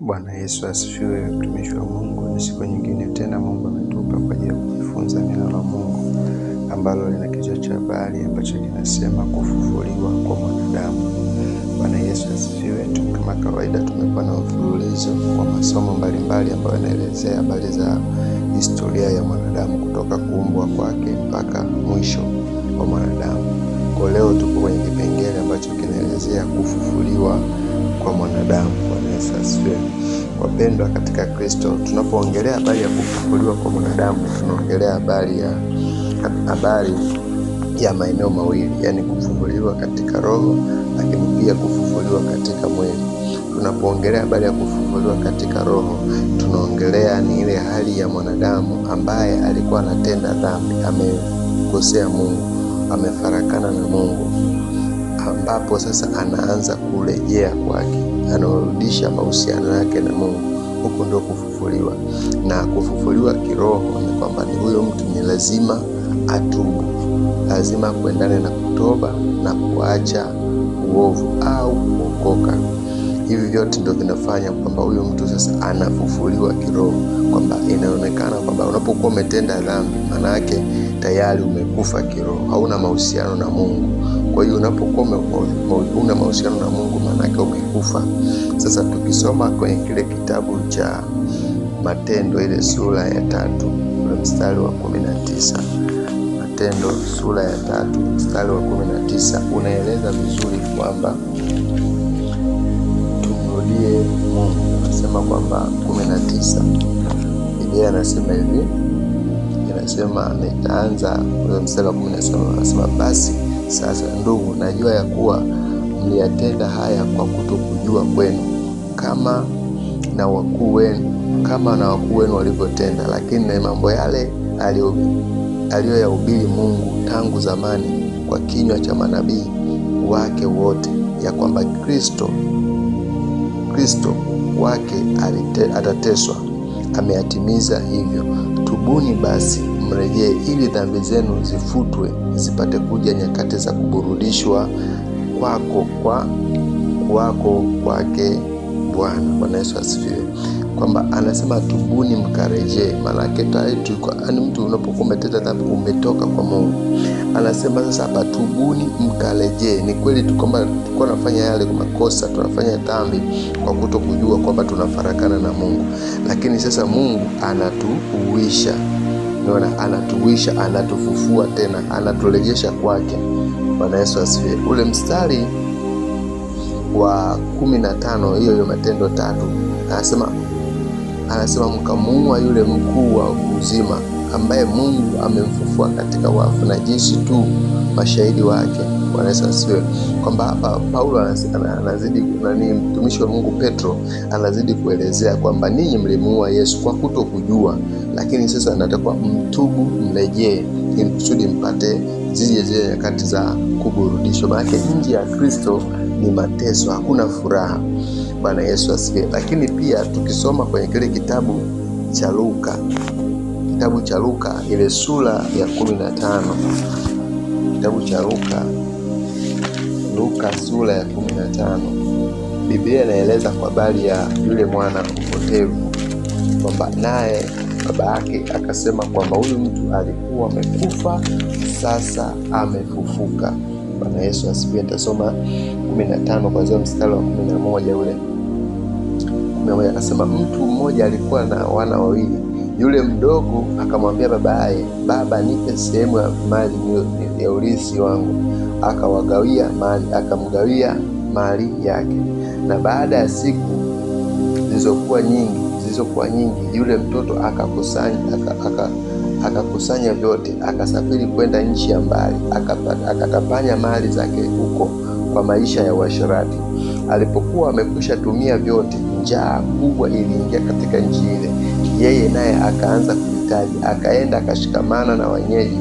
Bwana Yesu asifiwe, mtumishi wa Mungu. Ni siku nyingine tena Mungu ametupa kwa ajili ya kujifunza neno la Mungu ambalo lina kichwa cha habari ambacho kinasema kufufuliwa kwa mwanadamu. Bwana Yesu asifiwe. Kama kawaida, tumekuwa na mfululizo wa masomo mbalimbali ambayo yanaelezea habari za historia ya mwanadamu kutoka kuumbwa kwake mpaka mwisho wa mwanadamu kwa leo tupo kwenye kipengele ambacho kinaelezea kufufuliwa kwa mwanadamu. Bwana Yesu Wapendwa katika Kristo, tunapoongelea habari ya kufufuliwa kwa mwanadamu tunaongelea habari ya habari ya maeneo mawili, yaani kufufuliwa katika roho, lakini pia kufufuliwa katika mwili. Tunapoongelea habari ya kufufuliwa katika roho, tunaongelea ni ile hali ya mwanadamu ambaye alikuwa anatenda dhambi, amekosea Mungu amefarakana na Mungu, ambapo sasa anaanza kurejea kwake, anarudisha mahusiano yake na Mungu. huko ndio kufufuliwa, na kufufuliwa kiroho ni kwamba ni huyo mtu ni lazima atubu, lazima kuendane na kutoba na kuacha uovu au kuokoka. Hivi vyote ndio vinafanya kwamba huyo mtu sasa anafufuliwa kiroho, kwamba inaonekana kwamba unapokuwa umetenda dhambi, maana yake tayari umekufa kiroho, hauna mahusiano na Mungu. Kwa hiyo unapokuwa una mahusiano na Mungu, maana yake umekufa. Sasa tukisoma kwenye kile kitabu cha Matendo ile sura ya tatu na mstari wa kumi na tisa Matendo sura ya tatu mstari wa kumi na tisa unaeleza vizuri kwamba anasema kwamba kumi na tisa bibilia anasema hivi, anasema nitaanza ule mstari wa kumi na saba anasema basi sasa ndugu, najua ya kuwa mliyatenda haya kwa kutokujua kwenu, kama na wakuu wenu kama na wakuu wenu walivyotenda, lakini na mambo yale aliyoyahubiri Mungu tangu zamani kwa kinywa cha manabii wake wote, ya kwamba Kristo Kristo wake atateswa, ameyatimiza hivyo. Tubuni basi mrejee, ili dhambi zenu zifutwe, zipate kuja nyakati za kuburudishwa kwako kwa kwako kwake Bwana. Bwana Yesu asifiwe kwamba anasema tubuni mkarejee, maanake tayari mtu, unapokuwa umetenda dhambi umetoka kwa Mungu. Anasema sasa hapa tubuni mkarejee. Ni kweli kwamba tulikuwa tunafanya yale makosa, tunafanya dhambi kwa kuto kujua kwamba tunafarakana na Mungu, lakini sasa Mungu anatuuisha Unaona, anatuisha, anatufufua tena, anaturejesha kwake. Bwana Yesu asifiwe. Ule mstari wa kumi na tano hiyo hiyo Matendo tatu anasema anasema mkamuua yule mkuu wa uzima ambaye Mungu amemfufua katika wafu, na jinsi tu mashahidi wake wanaweza kwamba hapa Paulo anazidi nani, mtumishi wa Mungu Petro anazidi kuelezea kwamba ninyi mlimuua Yesu kwa kuto kujua, lakini sasa natakuwa mtubu, mrejee ili kusudi mpate zije zile nyakati za kuburudishwa. Maanake nje ya Kristo ni mateso, hakuna furaha. Bwana Yesu asifiwe. Lakini pia tukisoma kwenye kile kitabu cha Luka, kitabu cha Luka ile sura ya kumi na tano, kitabu cha Luka, Luka sura ya kumi na tano, Biblia inaeleza kwa habari ya yule mwana mpotevu kwamba naye baba yake akasema kwamba huyu mtu alikuwa amekufa, sasa amefufuka. Bwana Yesu asifiwe. atasoma kumi na tano kuanzia mstari wa kumi na moja ule kumi anasema akasema, mtu mmoja alikuwa na wana wawili, yule mdogo akamwambia babaye, baba, nipe sehemu ya mali ya urithi wangu. Akawagawia mali, akamgawia mali yake. Na baada ya siku zilizokuwa nyingi zilizokuwa nyingi, yule mtoto akakusanya aka, aka, akakusanya vyote, akasafiri kwenda nchi ya mbali, akatapanya mali zake huko kwa maisha ya uasherati. Alipokuwa amekwisha tumia vyote, njaa kubwa iliingia katika nchi ile, yeye naye akaanza kuhitaji. Akaenda akashikamana na wenyeji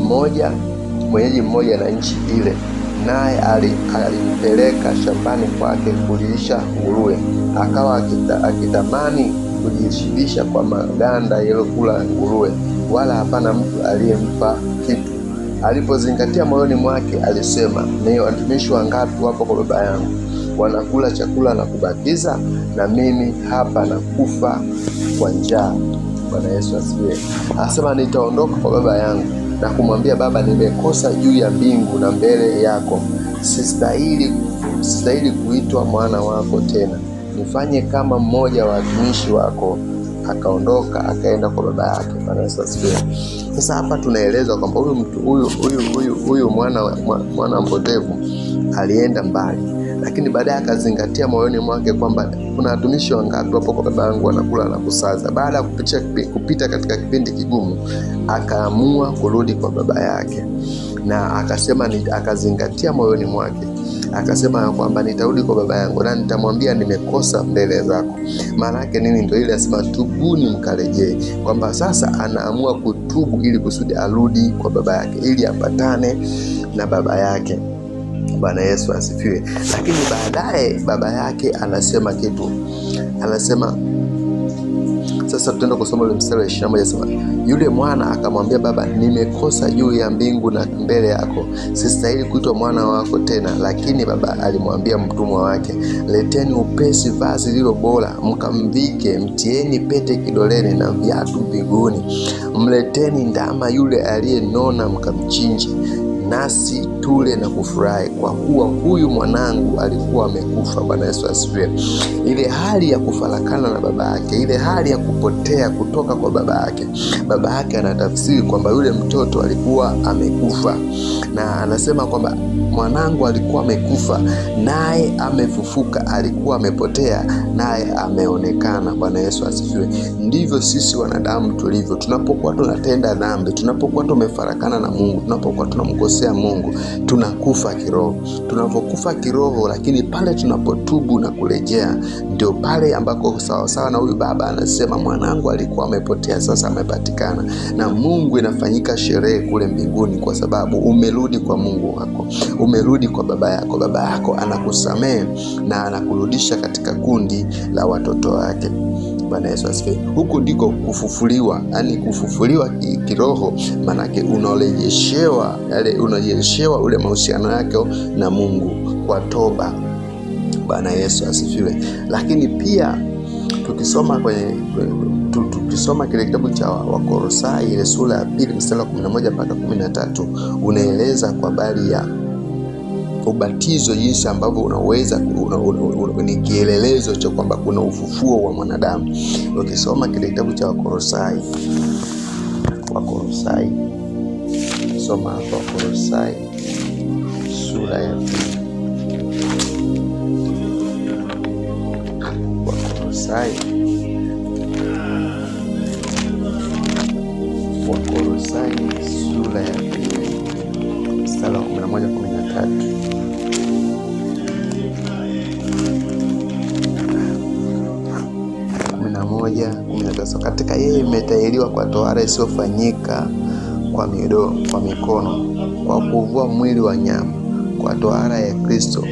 mmoja mwenyeji mmoja na nchi ile, naye alimpeleka shambani kwake kulisha nguruwe. Akawa akitamani kujishibisha kwa maganda yaliyokula nguruwe wala hapana mtu aliyempa kitu. Alipozingatia moyoni mwake, alisema, ni watumishi wangapi wapo kwa baba yangu, wanakula chakula na kubakiza, na mimi hapa na kufa kwa njaa. Bwana Yesu asifiwe. Asema, nitaondoka kwa baba yangu na kumwambia Baba, nimekosa juu ya mbingu na mbele yako, sistahili sistahili kuitwa mwana wako tena. Nifanye kama mmoja wa watumishi wako akaondoka akaenda kwa baba yake. Sasa hapa tunaelezwa kwamba huyu mtu huyu huyu huyu huyu mwana mwana mpotevu alienda mbali, lakini baadaye akazingatia moyoni mwake kwamba kuna watumishi wangapi wapo kwa baba yangu wanakula na kusaza. Baada ya kupita katika kipindi kigumu, akaamua kurudi kwa baba yake na akasema, akazingatia moyoni mwake akasema ya kwamba nitarudi kwa baba yangu na nitamwambia nimekosa mbele zako. Maana yake nini? Ndio ile asema tubuni mkarejee, kwamba sasa anaamua kutubu ili kusudi arudi kwa baba yake, ili apatane na baba yake. Bwana Yesu asifiwe. Lakini baadaye baba yake anasema kitu, anasema sasa, tutaenda kusoma ile mstari wa 21, anasema yule mwana akamwambia, baba, nimekosa juu ya mbingu na mbele yako, sistahili kuitwa mwana wako tena. Lakini baba alimwambia mtumwa wake, leteni upesi vazi lilo bora, mkamvike, mtieni pete kidoleni na viatu viguuni, mleteni ndama yule aliyenona, mkamchinje nasi tule na kufurahi, kwa kuwa huyu mwanangu alikuwa amekufa. Bwana Yesu asifiwe. Ile hali ya kufarakana na baba yake, ile hali ya kupotea kutoka kwa baba yake, baba yake anatafsiri kwamba yule mtoto alikuwa amekufa, na anasema kwamba mwanangu alikuwa amekufa, naye amefufuka, alikuwa amepotea, naye ameonekana. Bwana Yesu asifiwe. Ndivyo sisi wanadamu tulivyo, tunapokuwa tunatenda dhambi, tunapokuwa tumefarakana na Mungu, tunapokuwa tunamkosa kumkosea Mungu, tunakufa kiroho. Tunapokufa kiroho, lakini pale tunapotubu na kurejea, ndio pale ambako sawasawa na huyu baba anasema, mwanangu alikuwa amepotea, sasa amepatikana. Na Mungu inafanyika sherehe kule mbinguni, kwa sababu umerudi kwa Mungu wako, umerudi kwa baba yako. Baba yako anakusamehe na anakurudisha katika kundi la watoto wake. Bwana Yesu asifiwe. Huku ndiko kufufuliwa, yaani kufufuliwa kiroho, manake unarejeshewa yale, unarejeshewa ule mahusiano yako na Mungu kwa toba. Bwana Yesu asifiwe. Lakini pia tukisoma kwenye tukisoma kile kitabu cha wakorosai ile sura ya pili mstari wa 11 mpaka 13 unaeleza kwa habari ya ubatizo jinsi ambavyo unaweza una, una, una, ni kielelezo cha kwamba kuna ufufuo wa mwanadamu. Ukisoma kile kitabu cha wakorosai wakorosai soma hapa wakorosai sura ya wakorosai wakorosai sura ya 2 mstari wa kumi tatu. kumi na moja kumi na tisa katika yeye imetahiriwa kwa tohara isiyofanyika kwa mido, kwa mikono, kwa kuvua mwili wa nyama, kwa tohara ya Kristo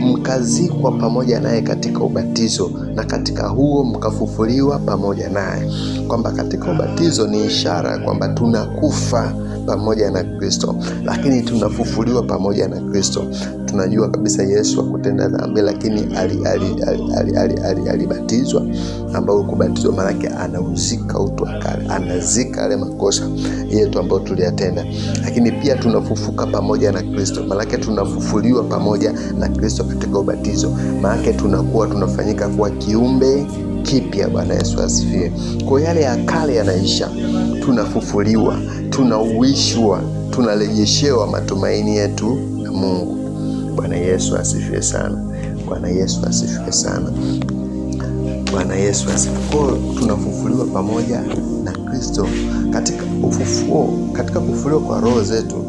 mkazikwa pamoja naye katika ubatizo, na katika huo mkafufuliwa pamoja naye. Kwamba katika ubatizo ni ishara kwamba tunakufa pamoja na Kristo, lakini tunafufuliwa pamoja na Kristo. Tunajua kabisa Yesu akutenda dhambi, lakini alibatizwa, ambao kubatizwa maana yake anauzika utu wa anazika yale makosa yetu ambayo tuliyatenda. Lakini pia tunafufuka pamoja na Kristo, maana yake tunafufuliwa pamoja na Kristo katika ubatizo, maana yake tunakuwa tunafanyika kuwa kiumbe kipya. Bwana Yesu asifiwe. Kwa yale ya kale yanaisha, tunafufuliwa, tunauishwa, tunarejeshewa matumaini yetu na Mungu. Bwana Yesu asifiwe sana. Bwana Yesu asifiwe sana. Bwana Yesu asifiwe. Kwa tunafufuliwa pamoja na Kristo katika ufufuo, katika kufufuliwa kwa roho zetu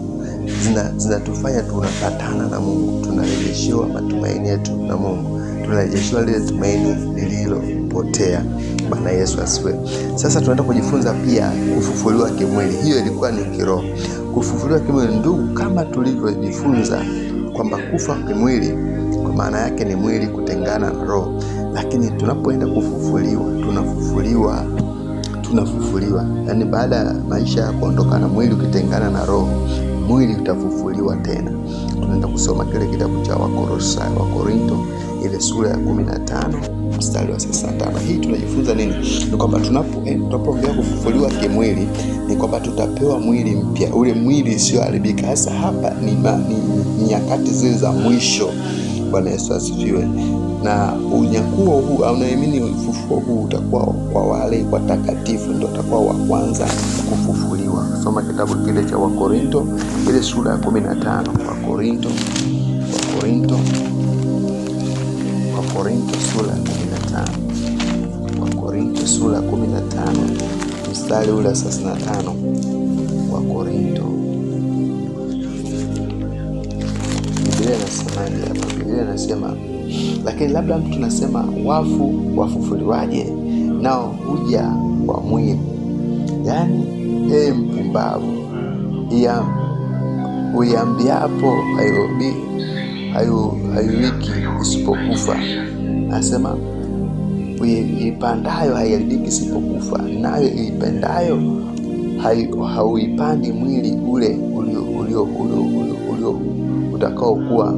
zinatufanya zina tunapatana na Mungu, tunarejeshewa matumaini yetu na Mungu, tunarejeshewa lile tumaini lililo kupotea. Bwana Yesu asifiwe. Sasa tunaenda kujifunza pia kufufuliwa kimwili. Hiyo ilikuwa ni kiroho. Kufufuliwa kimwili, ndugu, kama tulivyojifunza kwamba kufa kimwili kwa maana yake ni mwili kutengana na roho, lakini tunapoenda kufufuliwa, tunafufuliwa tunafufuliwa, yaani baada ya maisha ya na mwili ukitengana na roho, mwili utafufuliwa tena. Tunaenda kusoma kile kitabu cha Wakorintho ile sura ya kumi na tano mstari wa 35. Hii tunajifunza nini? Ni kwamba tunapoongea eh, kufufuliwa kimwili, ni kwamba tutapewa mwili mpya, ule mwili usioharibika. Hasa hapa ni, ni nyakati zile za mwisho. Bwana Yesu asifiwe. Na unyakuo huu au naamini ufufuo huu utakuwa kwa wale watakatifu, ndio utakuwa wa kwanza kufufuliwa. Soma kitabu kile cha Wakorinto ile sura ya 15, Wakorinto Wakorinto Wakorinto sura ya na Wakorinto sura ya 15 mstari ule wa 35. Wakorinto, Biblia inasemaje hapa? Biblia inasema lakini labda mtu nasema, wafu wafufuliwaje? Nao huja kwa mwili. Yaani ee mpumbavu, uiambiapo hayuwiki isipokufa, nasema uipandayo haiharibiki sipokufa nayo iipendayo hauipandi mwili ule ulio ulio utakaokuwa,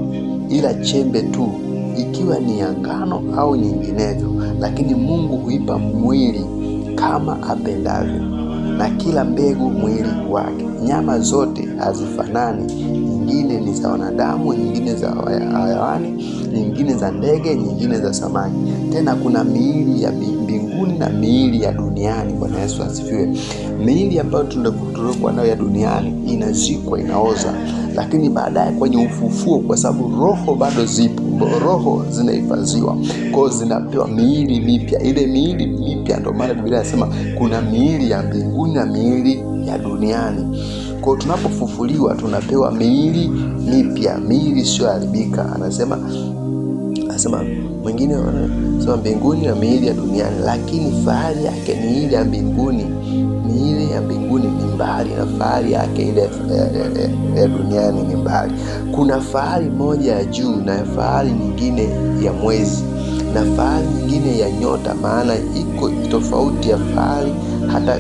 ila chembe tu, ikiwa ni ya ngano au nyinginevyo. Lakini Mungu huipa mwili kama apendavyo, na kila mbegu mwili wake. Nyama zote hazifanani, nyingine ni za wanadamu, nyingine za hayawani nyingine za ndege, nyingine za samaki. Tena kuna miili ya mbinguni na miili ya duniani. Bwana Yesu asifiwe. Miili ambayo tuliokuwa nayo ya duniani inazikwa, inaoza, lakini baadaye kwenye ufufuo, kwa sababu roho bado zipo, roho zinahifadhiwa kwao, zinapewa miili mipya. Ile miili mipya, ndio maana Biblia inasema kuna miili ya mbinguni na miili ya duniani. Kwa tunapofufuliwa tunapewa miili mipya, miili isiyoharibika. Anasema anasema mwingine anasema mbinguni na miili ya duniani, lakini fahari yake ni ile ya mbinguni. Miili ya mbinguni ni mbali na fahari yake ile ya duniani ni mbali. Kuna fahari moja ya juu na fahari nyingine ya mwezi na fahari nyingine ya nyota, maana iko tofauti ya fahari hata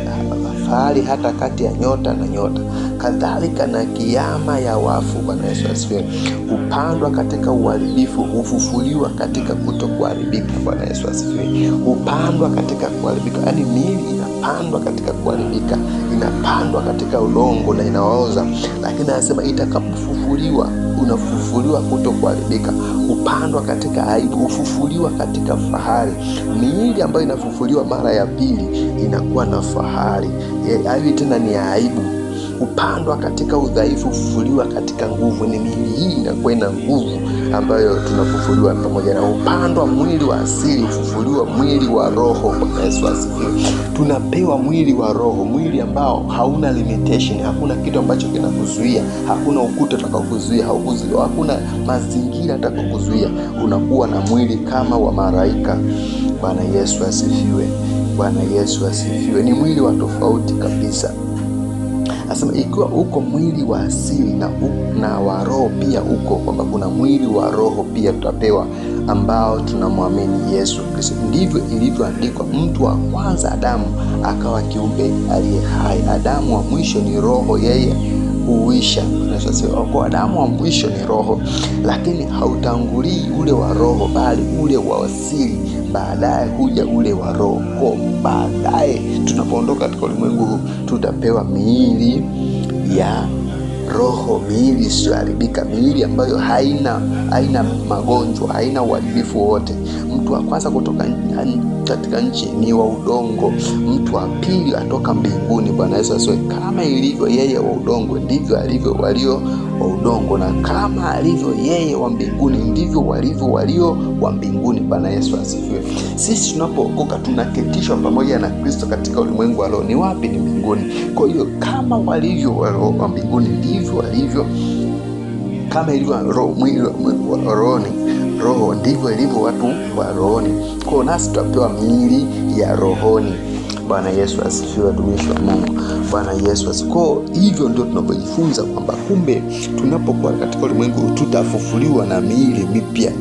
fahari hata kati ya nyota na nyota, kadhalika na kiama ya wafu. Bwana Yesu asifiwe. Hupandwa katika uharibifu, hufufuliwa katika kuto kuharibika Bwana Yesu asifiwe. Hupandwa katika kuharibika, yaani mili inapandwa katika kuharibika, inapandwa katika udongo na inaoza, lakini anasema itakapofufuliwa unafufuliwa kuto kutokuharibika, upandwa katika aibu, ufufuliwa katika fahari. Miili ambayo inafufuliwa mara ya pili inakuwa na fahari, eh, hayo tena ni aibu upandwa katika udhaifu, hufufuliwa katika nguvu. Ni miili hii inakuwa ina nguvu ambayo tunafufuliwa pamoja na upandwa mwili wa asili, ufufuliwa mwili wa roho. kwa Yesu asifiwe. Tunapewa mwili wa roho, mwili ambao hauna limitation, hakuna kitu ambacho kinakuzuia, hakuna ukuta utakaokuzuia, hakuna mazingira atakaokuzuia. Unakuwa na mwili kama wa maraika. Bwana Yesu asifiwe. Bwana Yesu asifiwe. Ni mwili wa tofauti kabisa. Asema ikiwa uko mwili wa asili na, na wa roho pia uko, kwamba kuna mwili wa roho pia tutapewa ambao tunamwamini Yesu Kristo. Ndivyo ilivyoandikwa, mtu wa kwanza Adamu akawa kiumbe aliye hai, Adamu wa mwisho ni roho, yeye huisha. Kwa Adamu wa mwisho ni roho, lakini hautangulii ule wa roho, bali ule wa asili baadaye huja ule wa roho. Baadaye tunapoondoka katika ulimwengu huu, tutapewa miili ya roho, miili isiyoharibika, miili ambayo haina haina magonjwa, haina uharibifu wowote mtu wa kwanza kutoka yaani katika nchi ni wa udongo, mtu wa pili atoka mbinguni. Bwana Yesu asiwe. Kama ilivyo yeye wa udongo, ndivyo alivyo walio wa udongo, na kama alivyo yeye wa mbinguni, ndivyo walivyo walio wa mbinguni. Bwana Yesu asifiwe. Sisi tunapookoka tunaketishwa pamoja na Kristo katika ulimwengu wa roho. Ni wapi? Ni mbinguni. Kwa hiyo kama walivyo wa mbinguni, ndivyo walivyo kama ilivyo rohoni roho. Ndivyo ilivyo watu wa rohoni, kwao nasi tutapewa miili ya rohoni. Bwana Yesu asifiwe, watumishi wa Mungu. Bwana Yesu asifiwe. Hivyo ndio tunapojifunza kwamba kumbe tunapokuwa katika ulimwengu tutafufuliwa na miili mipya.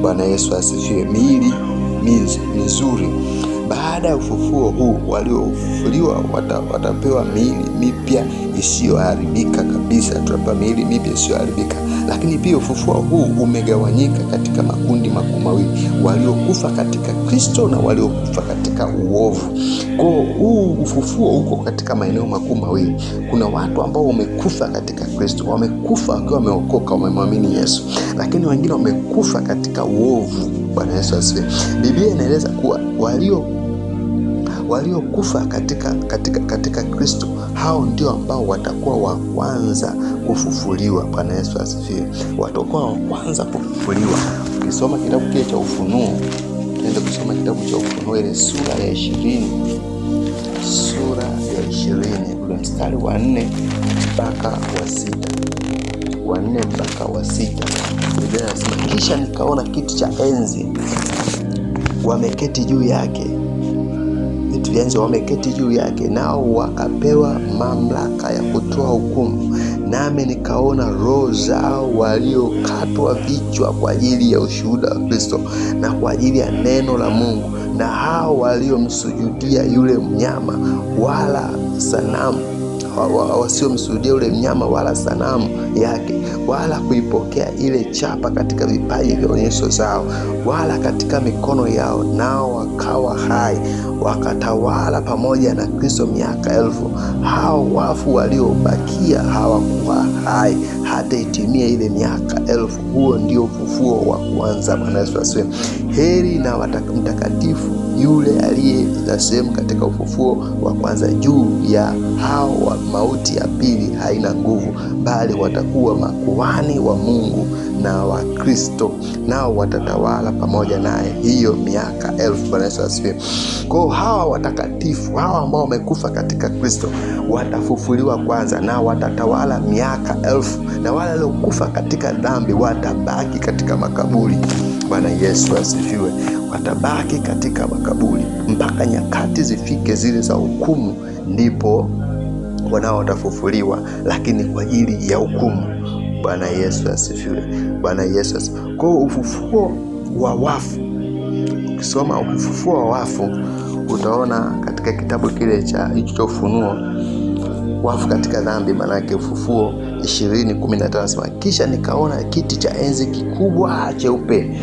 Bwana Yesu asifiwe. Miili mizuri baada ya ufufuo huu, waliofufuliwa wata, watapewa miili mipya isiyoharibika kabisa, tutapewa miili mipya isiyoharibika. Lakini pia ufufuo huu umegawanyika katika makundi makuu mawili, waliokufa katika Kristo na waliokufa katika uovu. Kwa huu ufufuo uko katika maeneo makuu mawili. Kuna watu ambao wamekufa katika Kristo, wamekufa wakiwa wameokoka, wamemwamini Yesu, lakini wengine wamekufa katika uovu. Bwana Yesu asifiwe. Biblia inaeleza kuwa walio waliokufa katika, katika, katika Kristo, hao ndio ambao watakuwa wa kwanza kufufuliwa. Bwana Yesu asifiwe, watakuwa wa kwanza kufufuliwa. Ukisoma kitabu kile cha Ufunuo, tuende kusoma kitabu cha Ufunuo ile sura ya ishirini sura ya ishirini ule mstari wa nne mpaka wa sita wa nne mpaka wa sita Biblia inasema kisha nikaona kiti cha enzi wameketi juu yake Vyanzo wameketi juu yake, nao wakapewa mamlaka ya kutoa hukumu. Nami nikaona roho zao waliokatwa vichwa kwa ajili ya ushuhuda wa Kristo na kwa ajili ya neno la Mungu, na hao waliomsujudia yule mnyama wala sanamu wasiomsujudia ule mnyama wala sanamu yake wala kuipokea ile chapa katika vipaji vya onyesho zao wala katika mikono yao, nao wakawa hai wakatawala pamoja na Kristo miaka elfu. Hao wafu waliobakia hawakuwa hai hata itimie ile miaka elfu huo ndio ufufuo wa kwanza. Bwana Yesu asifiwe. Heri na mtakatifu yule aliye na sehemu katika ufufuo wa kwanza, juu ya hao wa mauti ya pili haina nguvu, bali watakuwa makuhani wa Mungu na wa Kristo, nao watatawala pamoja naye hiyo miaka elfu. Bwana Yesu asifiwe. Kwao hawa watakatifu hawa ambao wamekufa katika Kristo watafufuliwa kwanza, na watatawala miaka elfu, na wale waliokufa katika dhambi wat watabaki katika makaburi. Bwana Yesu asifiwe. Watabaki katika makaburi mpaka nyakati zifike zile za hukumu, ndipo wanao watafufuliwa, lakini kwa ajili ya hukumu. Bwana Yesu asifiwe. Bwana Yesu Kwa ufufuo wa wafu, ukisoma ufufuo wa wafu utaona katika kitabu kile cha hicho cha Ufunuo wafu katika dhambi, manake Ufufuo 20:15 nasema, kisha nikaona kiti cha enzi kikubwa cheupe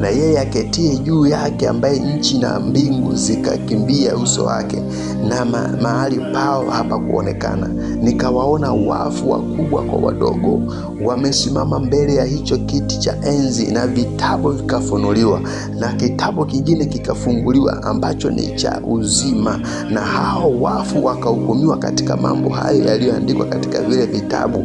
na yeye aketie juu yake, ambaye nchi na mbingu zikakimbia uso wake, na ma mahali pao hapakuonekana. Nikawaona wafu wakubwa kwa wadogo, wamesimama mbele ya hicho kiti cha enzi, na vitabu vikafunuliwa, na kitabu kingine kikafunguliwa, ambacho ni cha uzima, na hao wafu wakahukumiwa katika mambo hayo yaliyoandikwa katika vile vitabu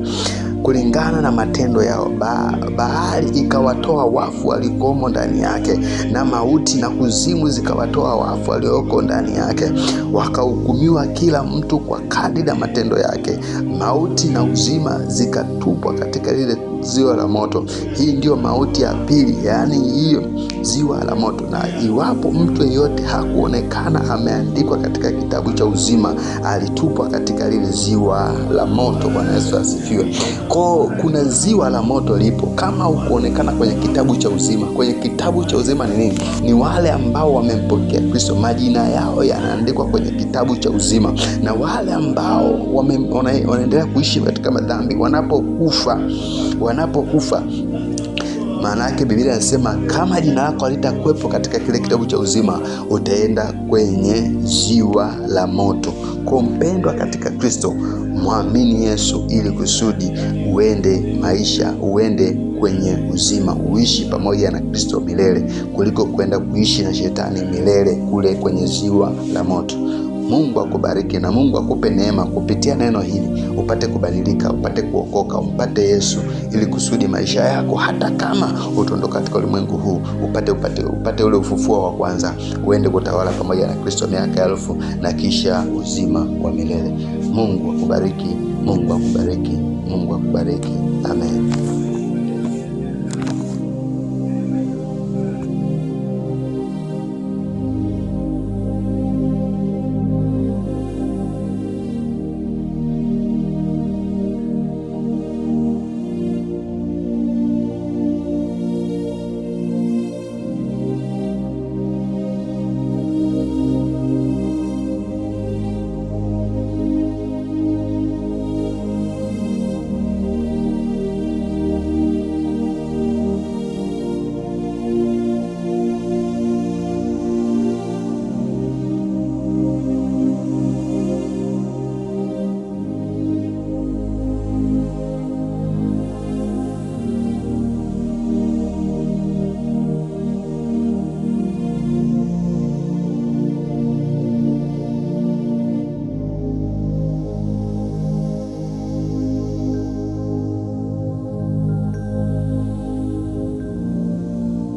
kulingana na matendo yao. Ba, bahari ikawatoa wafu walikomo ndani yake, na mauti na kuzimu zikawatoa wafu walioko ndani yake. Wakahukumiwa kila mtu kwa kadiri na matendo yake. Mauti na uzima zikatupwa katika lile ziwa la moto. Hii ndiyo mauti ya pili, yaani hiyo ziwa la moto. Na iwapo mtu yeyote hakuonekana ameandikwa katika kitabu cha uzima, alitupwa katika lile ziwa la moto. Bwana Yesu asifiwe. Kwa kuna ziwa la moto lipo. Kama ukuonekana kwenye kitabu cha uzima, kwenye kitabu cha uzima ni nini? Ni wale ambao wamempokea Kristo, majina yao yanaandikwa kwenye kitabu cha uzima, na wale ambao wanaendelea kuishi katika madhambi wanapokufa wana wanapokufa. Maana yake Biblia inasema kama jina lako halitakuwepo katika kile kitabu cha uzima, utaenda kwenye ziwa la moto. Kwa mpendwa katika Kristo, mwamini Yesu ili kusudi uende maisha, uende kwenye uzima, uishi pamoja na Kristo milele kuliko kwenda kuishi na shetani milele kule kwenye ziwa la moto. Mungu akubariki na Mungu akupe neema kupitia neno hili, upate kubadilika, upate kuokoka, umpate Yesu ili kusudi maisha yako hata kama utaondoka katika ulimwengu huu upate, upate, upate ule ufufuo wa kwanza, uende kutawala pamoja na Kristo miaka elfu na kisha uzima wa milele. Mungu akubariki, Mungu akubariki, Mungu akubariki. Amen.